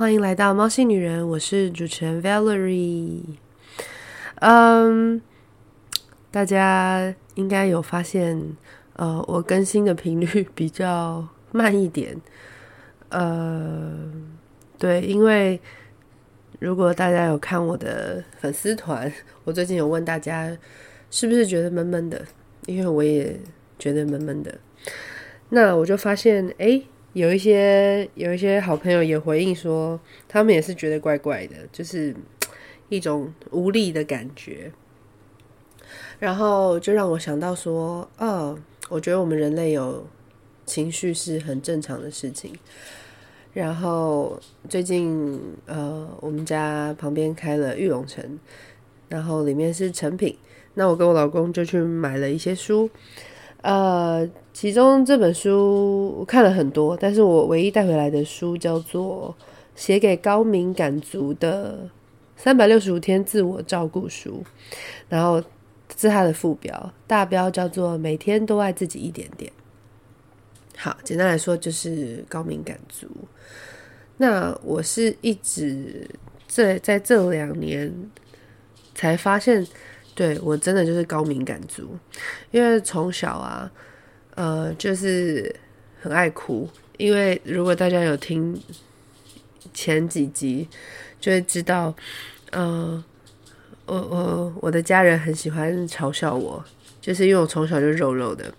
歡迎來到貓系女人，我是主持人 Valerie。嗯，um，大家應該有發現，呃，我更新的頻率比較慢一點。呃，uh，對，因為如果大家有看我的粉絲團，我最近有問大家是不是覺得悶悶的，因為我也覺得悶悶的。那我就發現，哎。有一些有一些好朋友也回應說，他們也是覺得怪怪的，就是一種無力的感覺。然後就讓我想到說，哦，我覺得我們人類有情緒是很正常的事情。然後最近呃，我們家旁邊開了玉龍城，然後裡面是誠品，那我跟我老公就去買了一些書。呃，其中這本書我看了很多，但是我唯一帶回來的書叫做《寫給高敏感族的三百六十五天自我照顧書》，然後是它的副標，大標叫做《每天都愛自己一點點》。好，簡單來說就是高敏感族。那我是一直這在，在這兩年才發現。對，我真的就是高敏感族，因為從小啊，呃，就是很愛哭。因為如果大家有聽前幾集，就會知道，嗯、呃，我我我的家人很喜歡嘲笑我，就是因為我從小就肉肉的，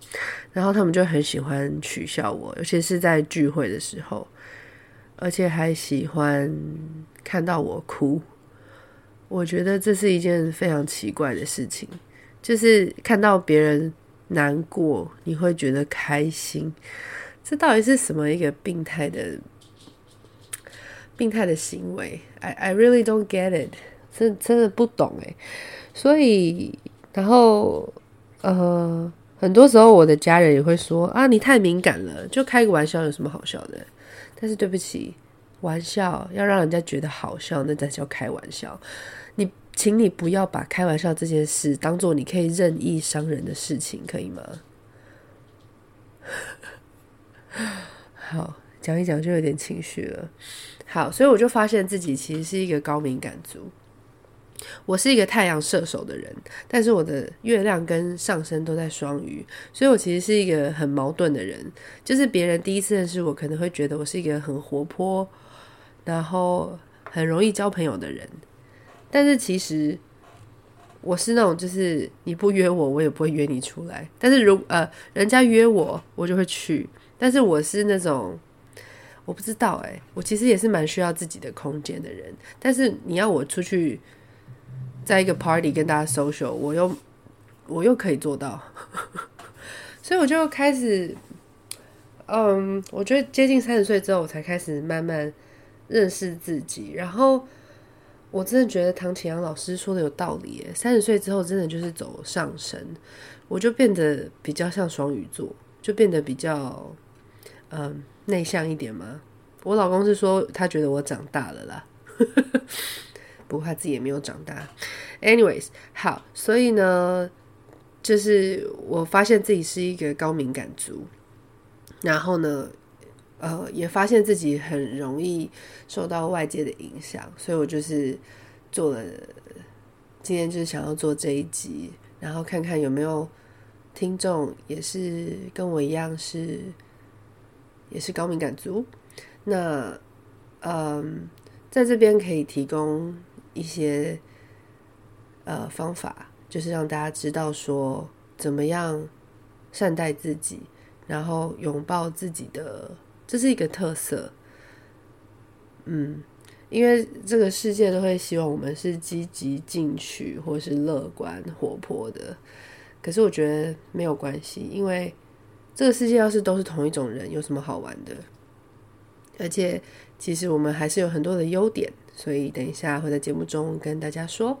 然後他們就很喜歡取笑我，尤其是在聚會的時候，而且還喜歡看到我哭。我覺得這是一件非常奇怪的事情，就是看到別人難過，你會覺得開心，這到底是什麼一個病態的病態的行為？I, I really don't get it，真真的不懂欸。所以，然後呃，很多時候我的家人也會說啊，你太敏感了，就開個玩笑，有什麼好笑的？但是對不起，玩笑要讓人家覺得好笑，那才叫開玩笑。請你不要把開玩笑這件事當做你可以任意傷人的事情，可以嗎？ 好，講一講就有點情緒了。好，所以我就發現自己其實是一個高敏感族。我是一個太陽射手的人，但是我的月亮跟上升都在雙魚，所以我其實是一個很矛盾的人。就是別人第一次認識我，可能會覺得我是一個很活潑，然後很容易交朋友的人。但是其實我是那種，就是你不約我，我也不會約你出來。但是如呃，人家約我，我就會去。但是我是那種，我不知道欸，我其實也是蠻需要自己的空間的人。但是你要我出去，在一個 party 跟大家 social，我又我又可以做到。 所以我就開始，嗯，我覺得接近三十歲之後，我才開始慢慢認識自己，然後。我真的覺得唐綺陽老師說的有道理耶，三十歲之後真的就是走上升，我就變得比較像雙魚座，就變得比較嗯內向一點嘛。我老公是說他覺得我長大了啦， 不過他自己也沒有長大。Anyways，好，所以呢，就是我發現自己是一個高敏感族，然後呢。呃，也發現自己很容易受到外界的影響，所以我就是做了。今天就是想要做這一集，然後看看有沒有聽眾也是跟我一樣是，也是高敏感族。那嗯，呃，在這邊可以提供一些呃方法，就是讓大家知道說怎麼樣善待自己，然後擁抱自己的。這是一個特色。嗯，因為這個世界都會希望我們是積極進取或是樂觀活潑的。可是我覺得沒有關係，因為這個世界要是都是同一種人，有什麼好玩的？而且其實我們還是有很多的優點，所以等一下會在節目中跟大家說。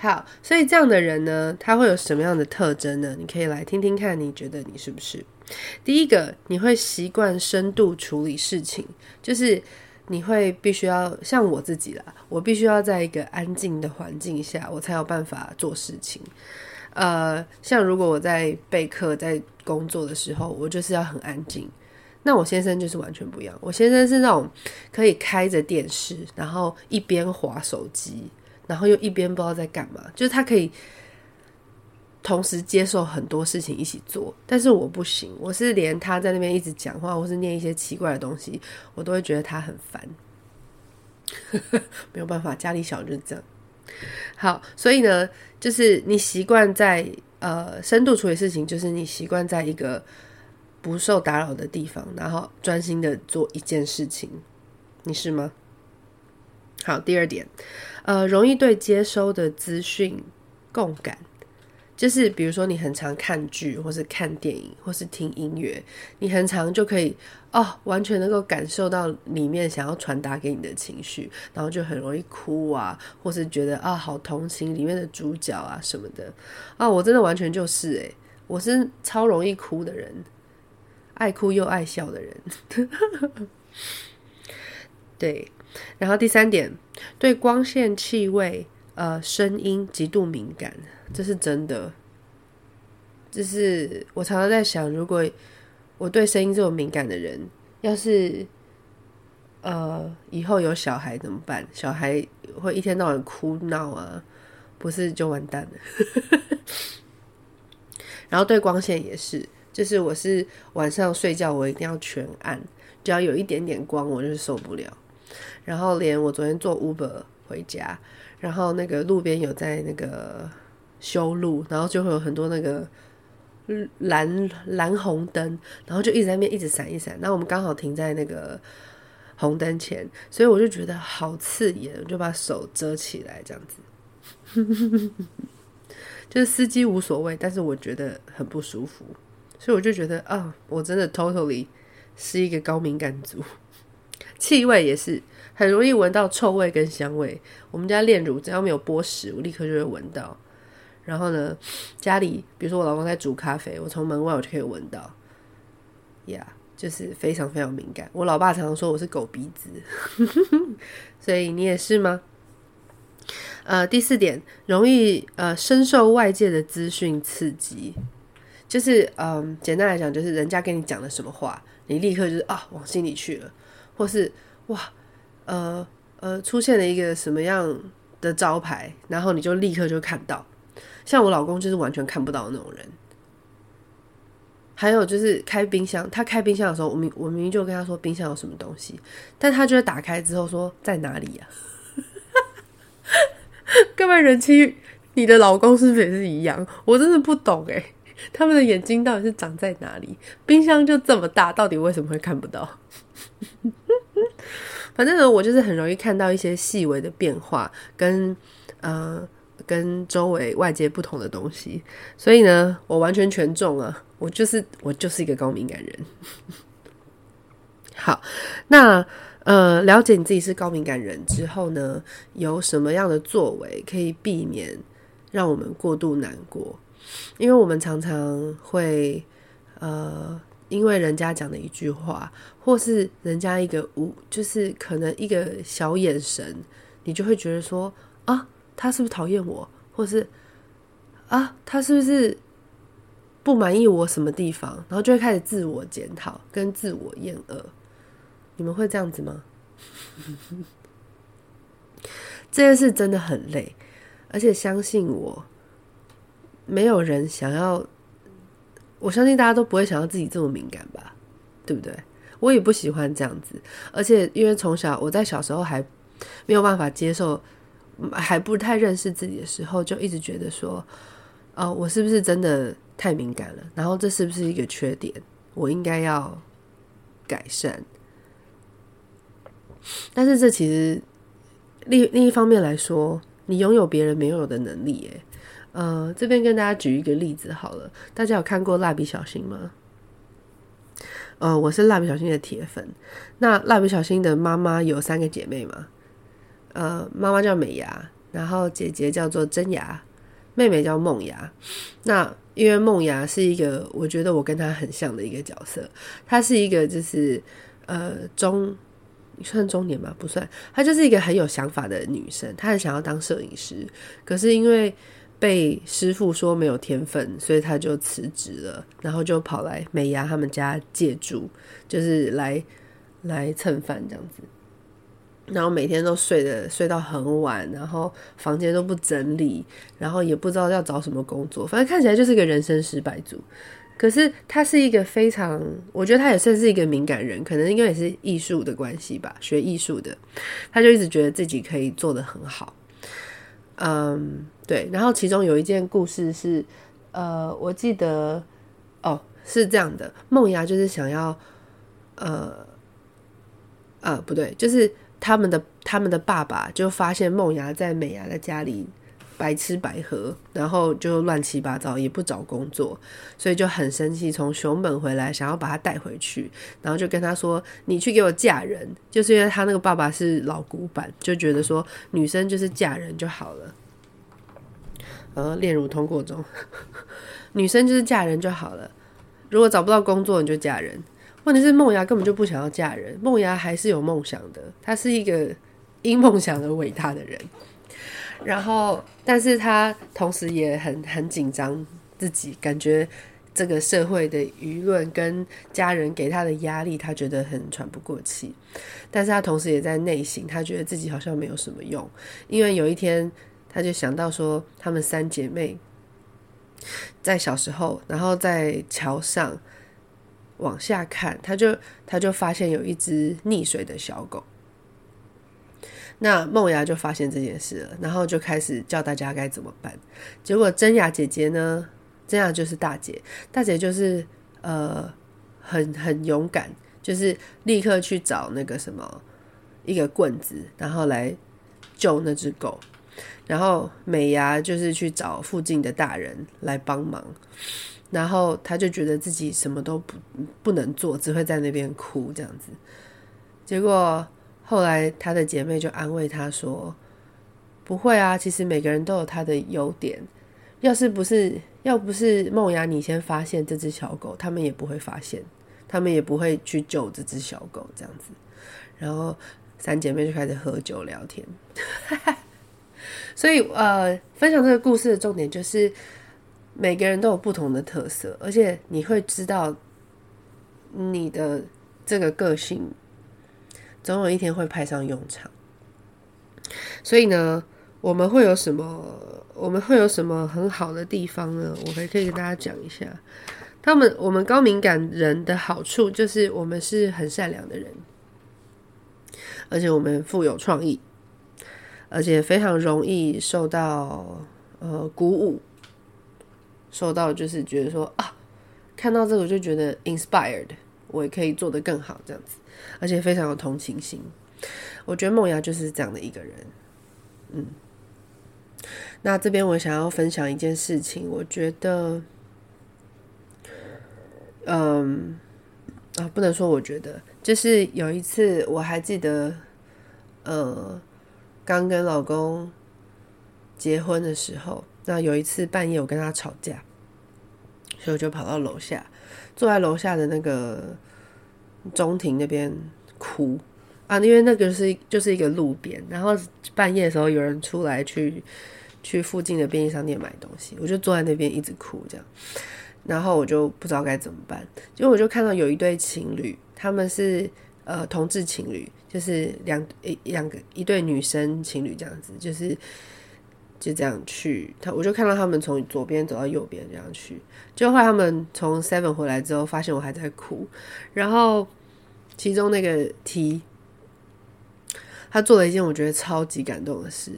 好，所以這樣的人呢，他會有什麼樣的特徵呢？你可以來聽聽看，你覺得你是不是？第一個，你會習慣深度處理事情，就是你會必須要像我自己啦，我必須要在一個安靜的環境下，我才有辦法做事情。呃，像如果我在備課、在工作的時候，我就是要很安靜。那我先生就是完全不一樣，我先生是那種可以開着電視，然後一邊滑手機。然後又一邊不知道在幹嘛，就是他可以同時接受很多事情一起做，但是我不行，我是連他在那邊一直講話，或是念一些奇怪的東西，我都會覺得他很煩。 沒有辦法，家裡小就是這樣。好，所以呢，就是你習慣在呃，深度處理事情，就是你習慣在一個不受打擾的地方，然後專心的做一件事情，你是嗎？好，第二點，呃，容易對接收的資訊共感，就是比如說你很常看劇，或是看電影，或是聽音樂，你很常就可以哦，完全能夠感受到裡面想要傳達給你的情緒，然後就很容易哭啊，或是覺得啊、哦、好同情裡面的主角啊什麼的啊、哦，我真的完全就是誒、欸，我是超容易哭的人，愛哭又愛笑的人。 對，然後第三點，對光線、氣味、呃，聲音極度敏感，這是真的。就是我常常在想，如果我對聲音這麼敏感的人，要是呃以後有小孩怎麼辦？小孩會一天到晚哭鬧啊，不是就完蛋了？ 然後對光線也是，就是我是晚上睡覺，我一定要全暗，只要有一點點光，我就是受不了。然後連我昨天坐 Uber 回家，然後那個路邊有在那個修路，然後就會有很多那個藍藍紅燈，然後就一直在那邊一直閃一閃。那我們剛好停在那個紅燈前，所以我就覺得好刺眼，我就把手遮起來這樣子。 就是司機無所謂，但是我覺得很不舒服，所以我就覺得啊，我真的 totally 是一個高敏感族。氣味也是很容易聞到臭味跟香味。我們家煉乳只要沒有剝食，我立刻就會聞到。然後呢，家裡比如說我老公在煮咖啡，我從門外我就可以聞到。呀、yeah，就是非常非常敏感。我老爸常常說我是狗鼻子， 所以你也是嗎？呃，第四點，容易呃，深受外界的資訊刺激，就是嗯、呃，簡單來講，就是人家跟你講了什麼話，你立刻就是啊，往心裡去了。或是哇，呃呃，出現了一個什麼樣的招牌，然後你就立刻就看到。像我老公就是完全看不到的那種人。還有就是開冰箱，他開冰箱的時候，我明我明明就跟他說冰箱有什麼東西，但他就是打開之後說在哪裡呀、啊？各位 人妻？你的老公是不是也是一樣？我真的不懂誒、欸，他們的眼睛到底是長在哪裡？冰箱就這麼大，到底為什麼會看不到？ 反正呢，我就是很容易看到一些細微的變化，跟呃跟周圍外界不同的東西，所以呢，我完全全中啊，我就是我就是一個高敏感人。 好，那呃，了解你自己是高敏感人之後呢，有什麼樣的作為可以避免讓我們過度難過？因為我們常常會呃。因為人家講的一句話，或是人家一個無，就是可能一個小眼神，你就會覺得說啊，他是不是討厭我，或是啊，他是不是不滿意我什麼地方，然後就會開始自我檢討跟自我厭惡。你們會這樣子嗎？ 這件事真的很累，而且相信我，沒有人想要。我相信大家都不會想要自己這麼敏感吧，對不對？我也不喜歡這樣子，而且因為從小我在小時候還沒有辦法接受，還不太認識自己的時候，就一直覺得說，啊、呃，我是不是真的太敏感了？然後這是不是一個缺點？我應該要改善。但是這其實另另一方面來說，你擁有別人沒有的能力、欸，哎。呃，這邊跟大家舉一個例子好了。大家有看過蠟筆小新嗎？呃，我是蠟筆小新的鐵粉。那蠟筆小新的媽媽有三個姐妹嘛？呃，媽媽叫美伢，然後姐姐叫做真伢，妹妹叫夢伢。那因為夢伢是一個我覺得我跟她很像的一個角色，她是一個就是呃中你算中年吧，不算，她就是一個很有想法的女生，她很想要當攝影師，可是因為被師傅說沒有天分，所以他就辭職了，然後就跑來美牙他們家借住，就是來來蹭飯這樣子。然後每天都睡得睡到很晚，然後房間都不整理，然後也不知道要找什麼工作，反正看起來就是一個人生失敗組。可是他是一個非常，我覺得他也算是一個敏感人，可能應該也是藝術的關係吧，學藝術的，他就一直覺得自己可以做得很好，嗯、um,。對，然後其中有一件故事是，呃，我記得，哦，是這樣的，夢雅就是想要，呃，呃、啊，不對，就是他們的他們的爸爸就發現夢雅在美牙的家裡白吃白喝，然後就亂七八糟，也不找工作，所以就很生氣，從熊本回來想要把他帶回去，然後就跟他說：“你去給我嫁人。”就是因為他那個爸爸是老古板，就覺得說女生就是嫁人就好了。呃，戀乳通過中，女生就是嫁人就好了。如果找不到工作，你就嫁人。問題是夢芽根本就不想要嫁人，夢芽還是有夢想的。她是一個因夢想而偉大的人。然後，但是她同時也很很緊張自己，感覺這個社會的輿論跟家人給她的壓力，她覺得很喘不過氣。但是她同時也在內心，她覺得自己好像沒有什麼用，因為有一天。他就想到說，他們三姐妹在小時候，然後在橋上往下看，他就他就發現有一隻溺水的小狗。那夢芽就發現這件事了，然後就開始教大家該怎麼辦。結果真雅姐姐呢，真雅就是大姐，大姐就是呃很很勇敢，就是立刻去找那個什麼一個棍子，然後來救那隻狗。然後美牙就是去找附近的大人來幫忙，然後他就覺得自己什麼都不不能做，只會在那邊哭這樣子。結果後來他的姐妹就安慰他說：“不會啊，其實每個人都有他的優點。要是不是要不是夢牙你先發現這隻小狗，他們也不會發現，他們也不會去救這隻小狗這樣子。”然後三姐妹就開始喝酒聊天。 所以，呃，分享這個故事的重點就是，每個人都有不同的特色，而且你會知道你的這個個性，總有一天會派上用場。所以呢，我們會有什麼？我們會有什麼很好的地方呢？我還可以跟大家講一下，他們我們高敏感人的好處就是，我們是很善良的人，而且我們富有創意。而且非常容易受到呃鼓舞，受到就是覺得說啊，看到這個我就覺得 inspired，我也可以做得更好這樣子，而且非常有同情心。我覺得夢瑤就是這樣的一個人，嗯。那這邊我想要分享一件事情，我覺得，嗯，啊，不能說我覺得，就是有一次我還記得，呃。剛跟老公結婚的時候，那有一次半夜我跟他吵架，所以我就跑到樓下，坐在樓下的那個中庭那邊哭啊，因為那個是就是一個路邊，然後半夜的時候有人出來去去附近的便利商店買東西，我就坐在那邊一直哭這樣，然後我就不知道該怎麼辦，結果我就看到有一對情侶，他們是呃同志情侶。就是兩一兩個一對女生情侶這樣子，就是就這樣去，他我就看到他們從左邊走到右邊這樣去，就後來他們從 Seven 回來之後，發現我還在哭，然後其中那個 T，他做了一件我覺得超級感動的事，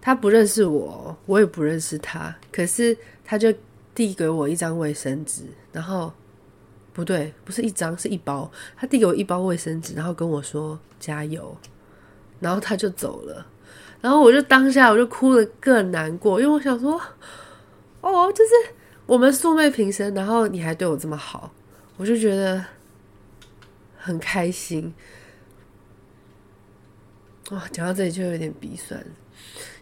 他不認識我，我也不認識他，可是他就遞給我一張衛生紙，然後。不對，不是一張，是一包。他遞給我一包衛生紙，然後跟我說加油，然後他就走了。然後我就當下我就哭得更難過，因為我想說，哦，就是我們素昧平生，然後你還對我這麼好，我就覺得很開心。哇、啊，講到這裡就有點鼻酸，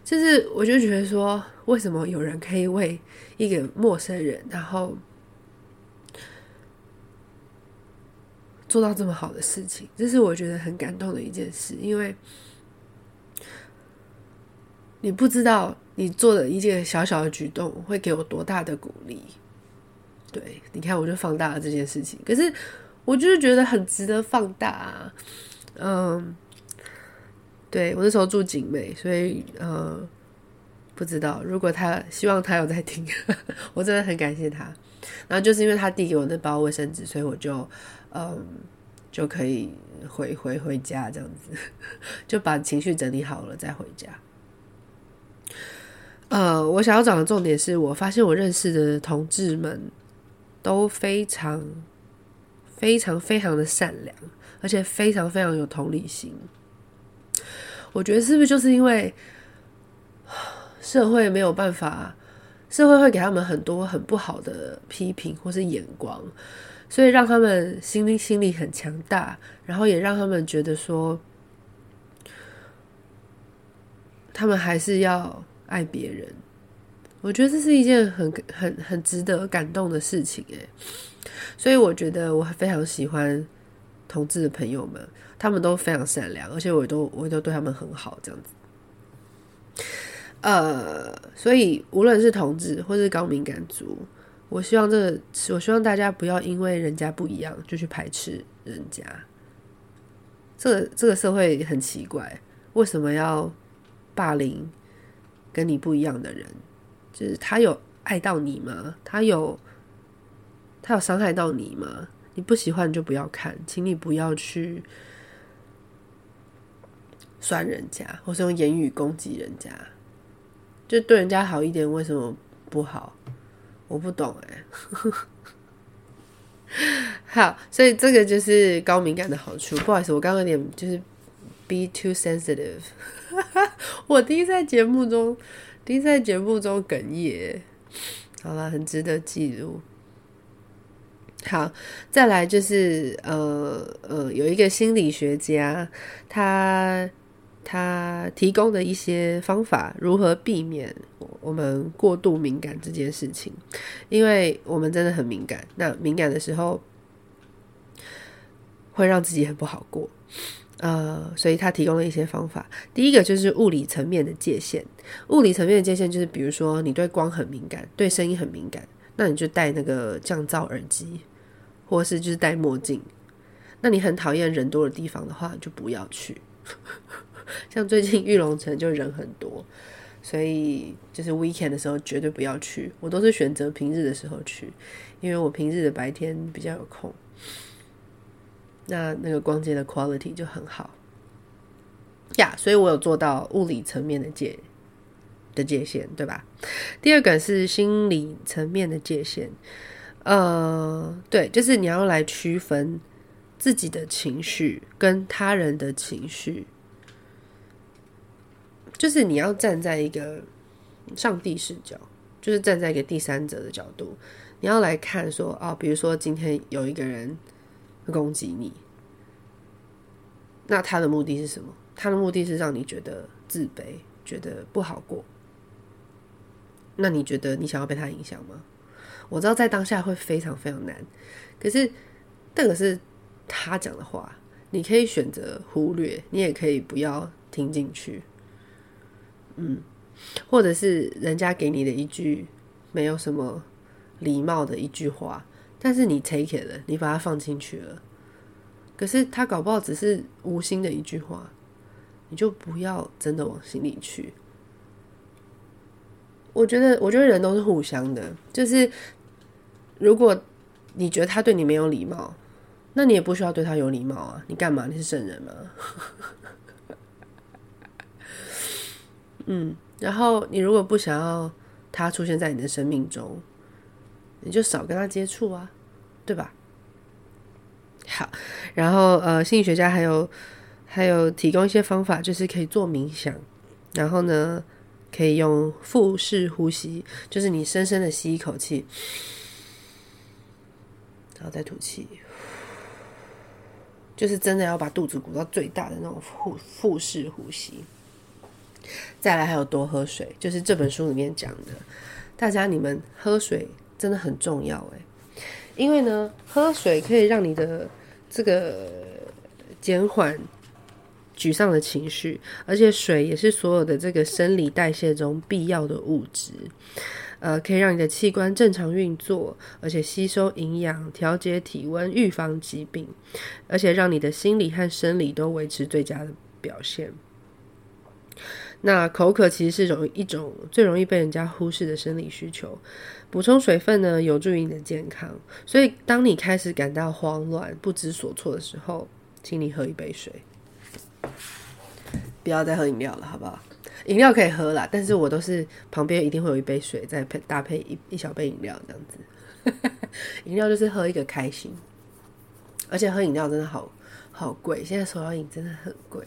就是我就覺得說，為什麼有人可以為一個陌生人，然後。做到這麼好的事情，這是我覺得很感動的一件事。因為，你不知道你做的一件小小的舉動會給我多大的鼓勵。對，你看，我就放大了這件事情。可是，我就是覺得很值得放大啊。嗯，對我那時候住景美，所以呃，嗯，不知道如果他希望他有在聽， 我真的很感謝他。然後就是因為他遞給我那包衛生紙，所以我就。嗯，um, 就可以回回回家這樣子， 就把情緒整理好了再回家。呃、uh，我想要講的重點是我發現我認識的同志們都非常、非常、非常的善良，而且非常、非常有同理心。我覺得是不是就是因為社會沒有辦法，社會會給他們很多很不好的批評或是眼光。所以讓他們心心理很強大，然後也讓他們覺得說，他們還是要愛別人。我覺得這是一件很很很值得感動的事情哎、欸。所以我覺得我非常喜歡同志的朋友們，他們都非常善良，而且我都我都對他們很好這樣子。呃，所以無論是同志或是高敏感族。我希望這個，我希望大家不要因為人家不一樣就去排斥人家。這個這個社會很奇怪，為什麼要霸凌跟你不一樣的人？就是他有礙到你嗎？他有他有傷害到你嗎？你不喜歡就不要看，請你不要去酸人家，或是用言語攻擊人家。就對人家好一點，為什麼不好？我不懂哎、欸， 好，所以這個就是高敏感的好處。不好意思，我剛剛有點就是 be too sensitive， 我第一次在節目中第一次在節目中哽咽，好啦，很值得記錄。好，再來就是呃呃，有一個心理學家，他。他提供的一些方法，如何避免我們過度敏感這件事情。因為我們真的很敏感，那敏感的時候會讓自己很不好過。呃，所以他提供了一些方法。第一個就是物理層面的界限，物理層面的界限就是，比如說你對光很敏感，對聲音很敏感，那你就戴那個降噪耳機，或是就是戴墨鏡。那你很討厭人多的地方的話，就不要去。像最近玉龍城就人很多，所以就是 weekend 的時候絕對不要去。我都是選擇平日的時候去，因為我平日的白天比較有空。那那個逛街的 quality 就很好呀，yeah, 所以我有做到物理層面的界，的界限對吧？第二個是心理層面的界限，呃，對，就是你要來區分自己的情緒跟他人的情緒。就是你要站在一個上帝視角，就是站在一個第三者的角度，你要來看說啊、哦，比如說今天有一個人攻擊你，那他的目的是什麼？他的目的是讓你覺得自卑，覺得不好過。那你覺得你想要被他影響嗎？我知道在當下會非常非常難，可是這個是他講的話，你可以選擇忽略，你也可以不要聽進去。嗯，或者是人家給你的一句沒有什麼禮貌的一句話，但是你 take it 了，你把它放進去了，可是他搞不好只是無心的一句話，你就不要真的往心裡去。我覺得，我覺得人都是互相的，就是如果你覺得他對你沒有禮貌，那你也不需要對他有禮貌啊。你幹嘛？你是聖人嗎？ 嗯，然後你如果不想要他出現在你的生命中，你就少跟他接觸啊，對吧？好，然後呃，心理學家還有還有提供一些方法，就是可以做冥想，然後呢，可以用腹式呼吸，就是你深深的吸一口氣，然後再吐氣，就是真的要把肚子鼓到最大的那種腹腹式呼吸。再來還有多喝水，就是這本書裡面講的，大家你們喝水真的很重要誒。因為呢，喝水可以讓你的這個減緩沮喪的情緒，而且水也是所有的這個生理代謝中必要的物質，呃，可以讓你的器官正常運作，而且吸收營養、調節體溫、預防疾病，而且讓你的心理和生理都維持最佳的表現。那口渴其實是有一種最容易被人家忽視的生理需求，補充水分呢有助於你的健康。所以當你開始感到慌亂、不知所措的時候，請你喝一杯水，不要再喝飲料了，好不好？飲料可以喝啦，但是我都是旁邊一定會有一杯水，再配搭配一一小杯飲料這樣子。飲 料就是喝一個開心，而且喝飲料真的好好貴，現在手搖飲真的很貴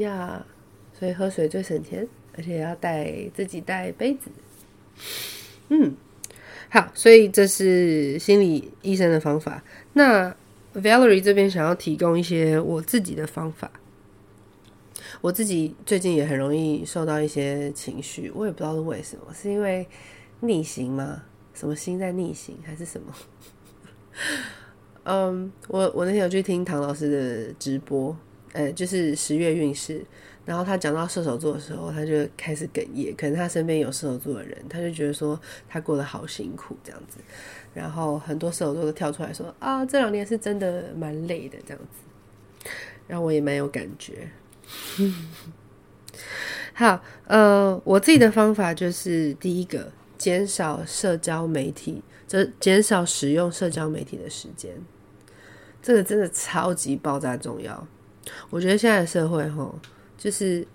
呀。Yeah. 所以喝水最省錢，而且要帶自己帶杯子。嗯，好，所以這是心理醫生的方法。那 Valerie 這邊想要提供一些我自己的方法。我自己最近也很容易受到一些情緒，我也不知道是為什麼，是因為逆行嗎？什麼心在逆行還是什麼？嗯、 um,，我我那天有去聽唐老師的直播，呃、欸，就是十月運勢。然後他講到射手座的時候，他就開始哽咽。可能他身邊有射手座的人，他就覺得說他過得好辛苦這樣子。然後很多射手座都跳出來說：“啊，這兩年是真的蠻累的這樣子。”讓我也蠻有感覺。 好，呃，我自己的方法就是第一個，減少社交媒體，就是、減少使用社交媒體的時間。這個真的超級爆炸重要。我覺得現在的社會，哈。就是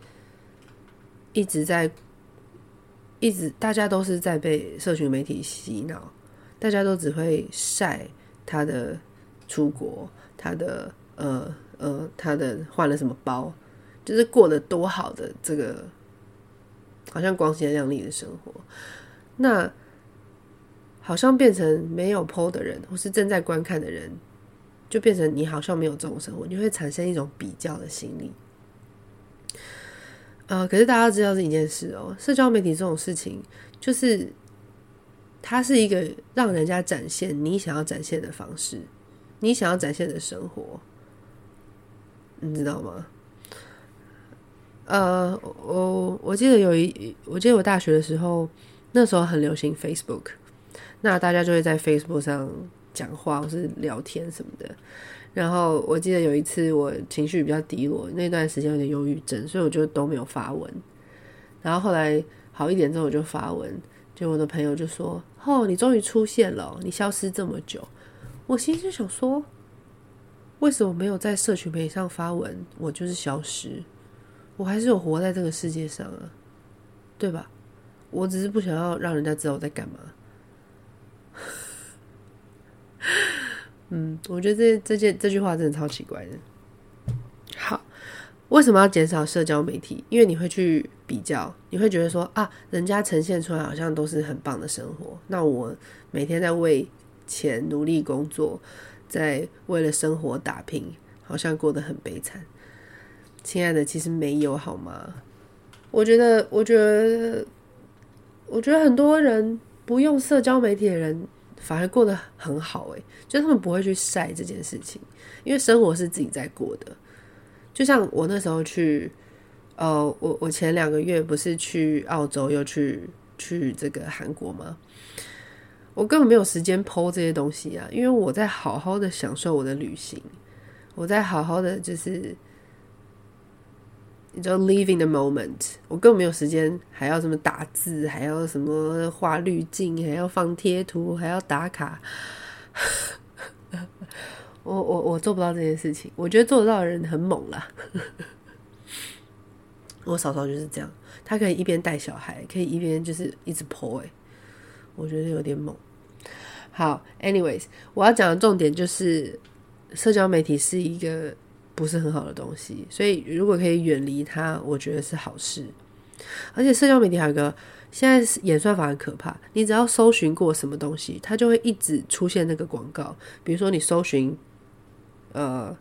一直在一直，大家都是在被社群媒體洗腦，大家都只會曬他的出國，他的呃呃，他的換了什麼包，就是過得多好的這個，好像光鮮亮麗的生活，那好像變成沒有 PO 的人，或是正在觀看的人，就變成你好像沒有這種生活，你會產生一種比較的心理。呃，可是大家知道這一件事哦，社交媒體這種事情，就是它是一個讓人家展現你想要展現的方式，你想要展現的生活，你知道嗎？呃，我我記得有一，我記得我大學的時候，那時候很流行 Facebook，那大家就會在 Facebook 上講話或是聊天什麼的。然後我記得有一次我情緒比較低落，那段時間有點憂鬱症，所以我就都沒有發文。然後後來好一點之後，我就發文，就我的朋友就說：“哦，你終於出現了，你消失這麼久。”我心裡就想說：“為什麼沒有在社群媒體上發文？我就是消失，我還是有活在這個世界上啊，對吧？我只是不想要讓人家知道我在幹嘛。 ”嗯，我覺得這這件這句話真的超奇怪的。好，為什麼要減少社交媒體？因為你會去比較，你會覺得說啊，人家呈現出來好像都是很棒的生活，那我每天在為錢努力工作，在為了生活打拼，好像過得很悲慘。親愛的，其實沒有好嗎？我覺得，我覺得，我覺得很多人不用社交媒體的人。反而過得很好誒、欸，就他們不會去晒這件事情，因為生活是自己在過的。就像我那時候去，呃，我我前兩個月不是去澳洲又去去這個韓國嗎？我根本沒有時間 po 這些東西啊，因為我在好好的享受我的旅行，我在好好的就是。道 leaving the moment，我根本沒有時間，還要什麼打字，還要什麼畫濾鏡，還要放貼圖，還要打卡。 我我我做不到這件事情，我覺得做得到的人很猛啦。 我嫂嫂就是這樣，她可以一邊帶小孩，可以一邊就是一直 po，、欸、我覺得有點猛。好，anyways，我要講的重點就是社交媒體是一個。不是很好的東西，所以如果可以遠離它，我覺得是好事。而且社交媒體還有一個，現在演算法很可怕。你只要搜尋過什麼東西，它就會一直出現那個廣告。比如說你搜尋，呃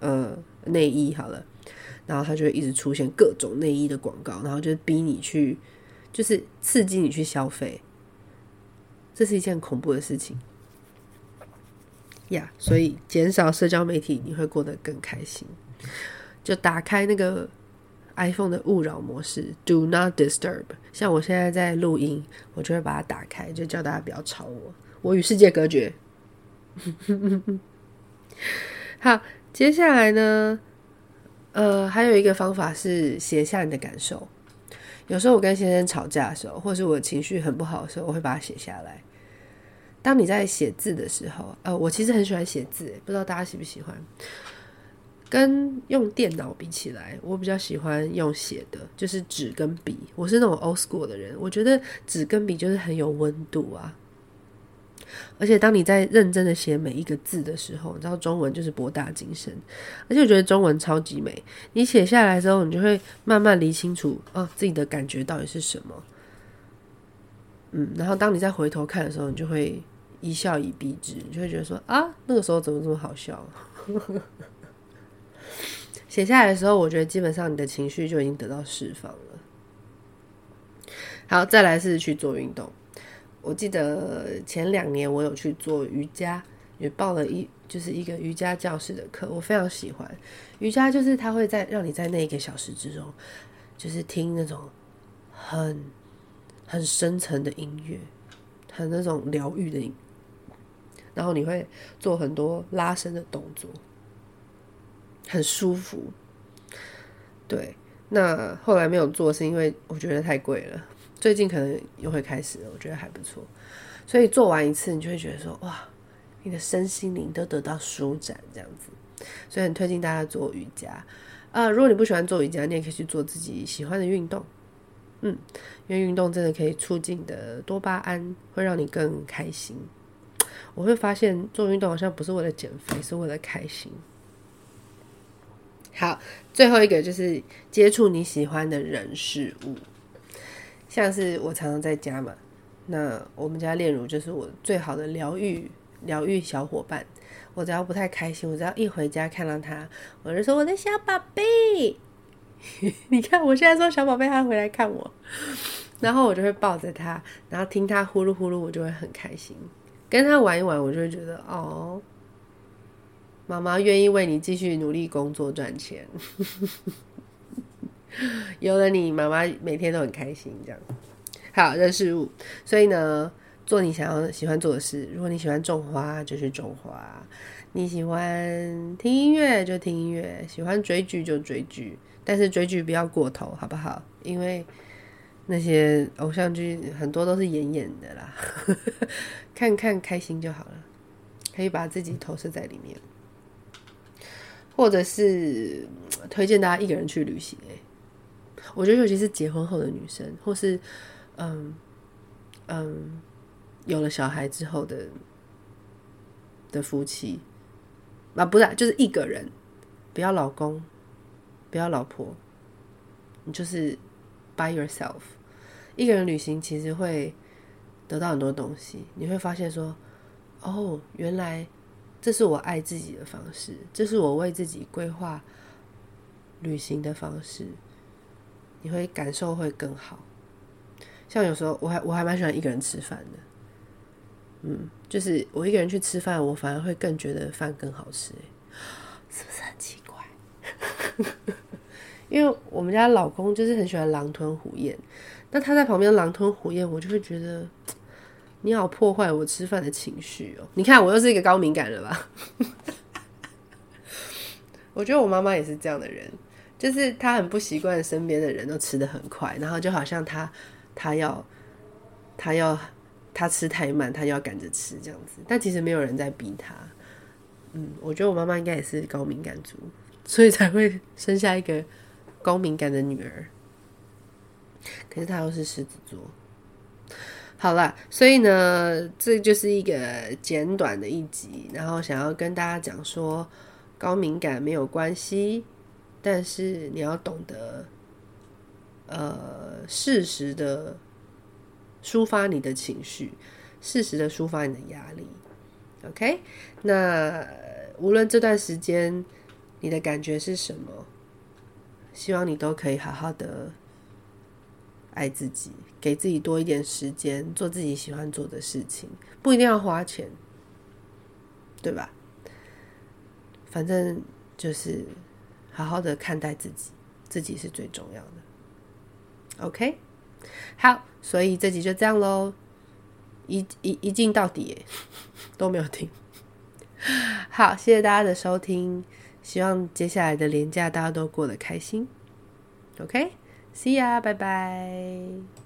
呃內衣好了，然後它就會一直出現各種內衣的廣告，然後就逼你去，就是刺激你去消費。這是一件恐怖的事情。Yeah, 所以減少社交媒體，你會過得更開心。就打開那個 iPhone 的勿擾模式 （Do Not Disturb）。像我現在在錄音，我就會把它打開，就叫大家不要吵我，我與世界隔絕。 好，接下來呢？呃，還有一個方法是寫下你的感受。有時候我跟先生吵架的時候，或是我情緒很不好的時候，我會把它寫下來。當你在寫字的時候，呃，我其實很喜歡寫字，不知道大家喜不喜歡。跟用電腦比起來，我比較喜歡用寫的，就是紙跟筆。我是那種 old school 的人，我覺得紙跟筆就是很有溫度啊。而且，當你在認真的寫每一個字的時候，你知道中文就是博大精深，而且我覺得中文超級美。你寫下來之後，你就會慢慢理清楚，啊、哦，自己的感覺到底是什麼。嗯，然後當你再回頭看的時候，你就會。一笑以蔽之，你就會覺得說啊，那個時候怎麼這麼好笑，啊？寫 下來的時候，我覺得基本上你的情緒就已經得到釋放了。好，再來是去做運動。我記得前兩年我有去做瑜伽，也報了一就是一個瑜伽教室的課，我非常喜歡瑜伽。就是他會在讓你在那一個小時之中，就是聽那種很很深沉的音樂，很那種療癒的音。然後你會做很多拉伸的動作，很舒服。對，那後來沒有做是因為我覺得太貴了。最近可能又會開始了，我覺得還不錯。所以做完一次，你就會覺得說哇，你的身心靈都得到舒展，這樣子。所以很推薦大家做瑜伽啊，呃。如果你不喜歡做瑜伽，你也可以去做自己喜歡的運動。嗯，因為運動真的可以促進你的多巴胺，會讓你更開心。我會發現做運動好像不是為了減肥，是為了開心。好，最後一個就是接觸你喜歡的人事物，像是我常常在家嘛，那我們家煉乳就是我最好的療癒，療癒小夥伴。我只要不太開心，我只要一回家看到他，我就說我的小寶貝， 你看我現在說小寶貝，他回來看我，然後我就會抱着他，然後聽他呼嚕呼嚕，我就會很開心。跟他玩一玩，我就會覺得哦，媽媽願意為你繼續努力工作賺錢， 有了你，媽媽每天都很開心。這。這樣好，這事物，所以呢，做你想要、喜歡做的事。如果你喜歡種花，就去、是、種花；你喜歡聽音樂，就聽音樂；喜歡追劇，就追劇。但是追劇不要過頭，好不好？因為那些偶像劇很多都是演演的啦， 看看開心就好了，可以把自己投射在裡面，或者是推薦大家一個人去旅行。欸，我覺得尤其是，結婚後的女生，或是嗯嗯有了小孩之後的的夫妻，啊，不是，就是一個人，不要老公，不要老婆，你就是。By yourself，一個人旅行其實會得到很多東西。你會發現說：“哦，原來這是我愛自己的方式，這是我為自己規劃旅行的方式。”你會感受會更好。像有時候我，我還我還蠻喜歡一個人吃飯的。嗯，就是我一個人去吃飯，我反而會更覺得飯更好吃。欸，是不是很奇怪？ 因為我們家老公就是很喜歡狼吞虎咽，那他在旁邊狼吞虎咽，我就會覺得你好破壞我吃飯的情緒哦。你看我又是一個高敏感了吧？ 我覺得我媽媽也是這樣的人，就是她很不習慣身邊的人都吃得很快，然後就好像她她要她要她吃太慢，她要趕着吃這樣子。但其實沒有人在逼她。嗯，我覺得我媽媽應該也是高敏感族，所以才會生下一個。高敏感的女兒，可是她又是獅子座。好了，所以呢，這就是一個簡短的一集，然後想要跟大家講說，高敏感沒有關係，但是你要懂得，呃，適時的抒發你的情緒，適時的抒發你的壓力。OK，那無論這段時間你的感覺是什麼。希望你都可以好好的愛自己，給自己多一點時間，做自己喜歡做的事情，不一定要花錢，對吧？反正就是好好的看待自己，自己是最重要的。OK，好，所以這集就這樣嘍，一一一鏡到底都沒有停。好，謝謝大家的收聽。希望接下來的連假大家都過得開心。OK，See you，拜拜。